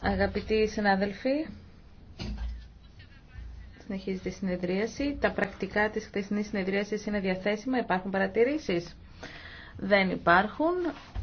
Αγαπητοί συνάδελφοι, συνεχίζεται η συνεδρίαση. Τα πρακτικά της χθεσινής συνεδρίασης είναι διαθέσιμα. Υπάρχουν παρατηρήσεις. Δεν υπάρχουν.